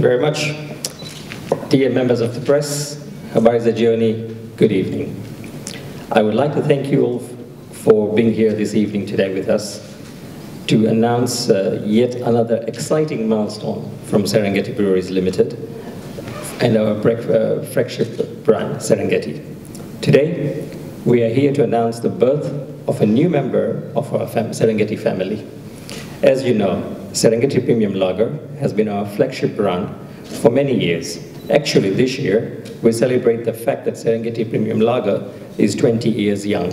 you very much. Dear members of the press, Habariza Journey, good evening. I would like to thank you all for being here this evening today with us to announce uh, yet another exciting milestone from Serengeti Breweries Limited and our uh, flagship brand, Serengeti. Today, we are here to announce the birth of a new member of our fam Serengeti family. As you know, Serengeti Premium Lager has been our flagship brand for many years. Actually, this year, we celebrate the fact that Serengeti Premium Lager is 20 years young.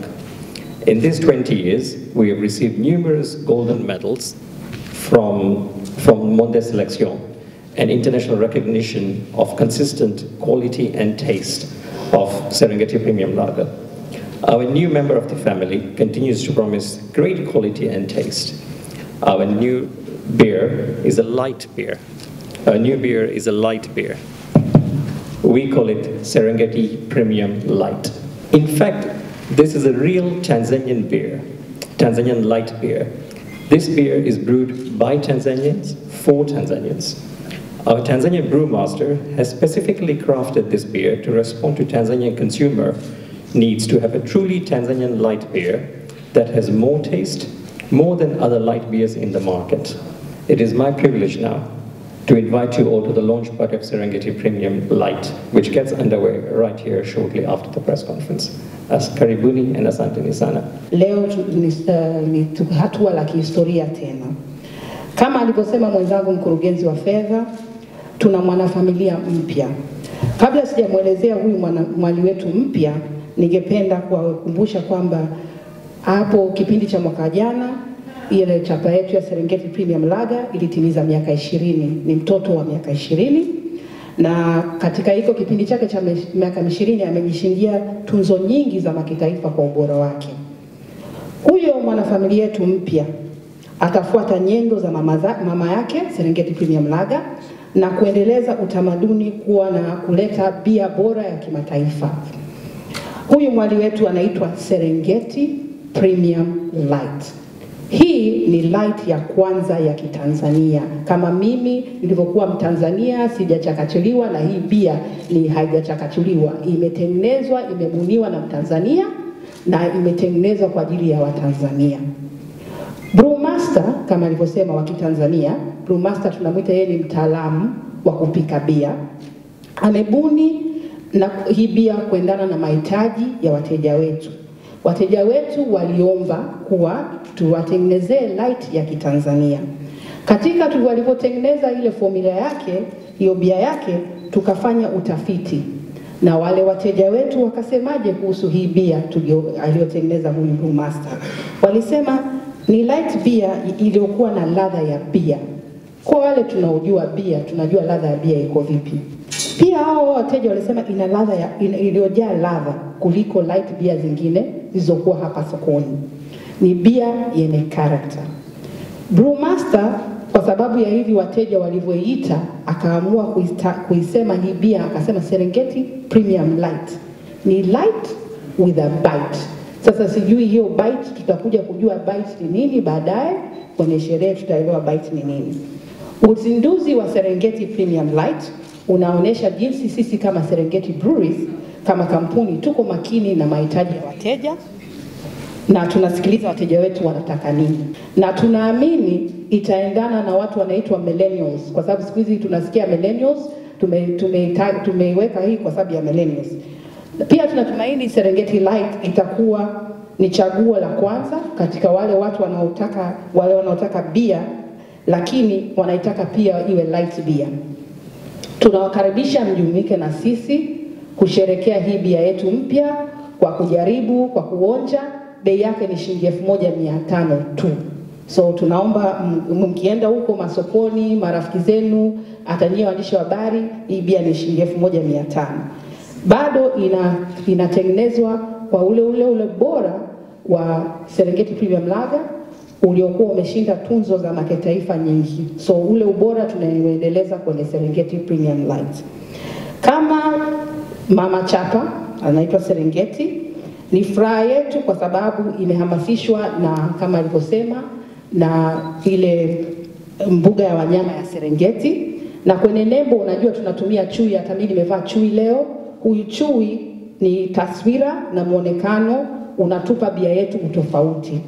In these 20 years, we have received numerous golden medals from, from Monde Selection and international recognition of consistent quality and taste of Serengeti Premium Lager. Our new member of the family continues to promise great quality and taste. Our new beer is a light beer. A new beer is a light beer. We call it Serengeti Premium Light. In fact, this is a real Tanzanian beer, Tanzanian light beer. This beer is brewed by Tanzanians for Tanzanians. Our Tanzanian brewmaster has specifically crafted this beer to respond to Tanzanian consumer needs to have a truly Tanzanian light beer that has more taste, more than other light beers in the market. It is my privilege now to invite you all to the launch party of Serengeti Premium Light, which gets underway right here shortly after the press conference. As karibuni and asanteni sana. Leo ni, eh, hatua la kihistoria tena. Kama alivyosema mwenzangu mkurugenzi wa fedha, tuna mwanafamilia mpya. Kabla sijamwelezea huyu mwali wetu mpya, ningependa kuwakumbusha kwamba hapo kipindi cha mwaka jana ile chapa yetu ya Serengeti Premium Lager ilitimiza miaka ishirini, ni mtoto wa miaka ishirini na katika hiko kipindi chake cha miaka ishirini amejishindia tunzo nyingi za makitaifa kwa ubora wake. Huyo mwanafamilia yetu mpya atafuata nyendo za mama, za, mama yake Serengeti Premium Lager na kuendeleza utamaduni kuwa na kuleta bia bora ya kimataifa. Huyu mwali wetu anaitwa Serengeti Premium Light. Hii ni light ya kwanza ya Kitanzania. Kama mimi nilivyokuwa Mtanzania sijachakachuliwa, na hii pia ni haijachakachuliwa, imetengenezwa, imebuniwa na Mtanzania na imetengenezwa kwa ajili ya Watanzania. Brewmaster kama alivyosema wa Kitanzania, brewmaster tunamwita yeye ni mtaalamu wa kupika bia, amebuni na hii bia kuendana na mahitaji ya wateja wetu. Wateja wetu waliomba kuwa tuwatengenezee light ya Kitanzania. Katika walivyotengeneza ile formula yake, hiyo bia yake, tukafanya utafiti na wale wateja wetu wakasemaje kuhusu hii bia aliyotengeneza huyu brewmaster. Walisema ni light bia iliyokuwa na ladha ya bia. Kwa wale tunaojua bia, tunajua ladha ya bia iko vipi. Pia hao wateja walisema ina ladha iliyojaa ladha kuliko light beer zingine zilizokuwa hapa sokoni. Ni bia yenye character. Brewmaster kwa sababu ya hivi wateja walivyoiita, akaamua kuisema hii bia, akasema Serengeti Premium Light. Ni light with a bite. Sasa sijui hiyo bite, tutakuja kujua bite ni nini baadaye kwenye sherehe, tutaelewa bite ni nini. Uzinduzi wa Serengeti Premium Light unaonyesha jinsi sisi kama Serengeti Breweries kama kampuni tuko makini na mahitaji ya wateja na tunasikiliza wateja wetu wanataka nini, na tunaamini itaendana na watu wanaitwa millennials, kwa sababu siku hizi tunasikia millennials. Tume, tume, tumeiweka hii kwa sababu ya millennials. Pia tunatumaini Serengeti Light itakuwa ni chaguo la kwanza katika wale watu wanaotaka wale wanaotaka bia, lakini wanaitaka pia iwe light bia. Tunawakaribisha mjumuike na sisi kusherekea hii bia yetu mpya kwa kujaribu, kwa kuonja. Bei yake ni shilingi elfu moja mia tano tu. So tunaomba mkienda huko masokoni, marafiki zenu, hata nyie waandishi wa habari, hii bia ni shilingi elfu moja mia tano bado ina, inatengenezwa kwa ule ule ule bora wa Serengeti Premium Lager uliokuwa umeshinda tunzo za mataifa nyingi. So ule ubora tunaendeleza kwenye Serengeti Premium Lights. Kama mama chapa anaitwa Serengeti, ni furaha yetu kwa sababu imehamasishwa na kama alivyosema na ile mbuga ya wanyama ya Serengeti, na kwenye nembo unajua tunatumia chui. Hata mimi nimevaa chui leo. Huyu chui ni taswira na mwonekano, unatupa bia yetu utofauti.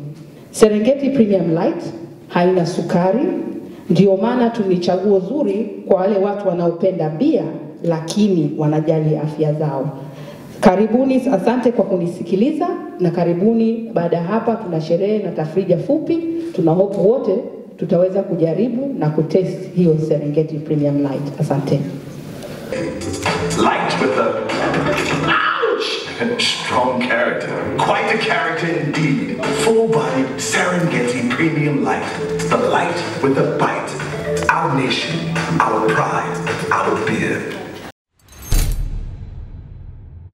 Serengeti Premium Light haina sukari, ndio maana tunichaguo zuri kwa wale watu wanaopenda bia lakini wanajali afya zao. Karibuni, asante kwa kunisikiliza na karibuni. Baada ya hapa, tuna sherehe na tafrija fupi, tuna hope wote tutaweza kujaribu na kutest hiyo Serengeti Premium Light. Asante. Light with the... George. Strong character. Quite a character indeed. Full-bodied Serengeti premium life. The light with a bite. Our nation, our pride, our beer.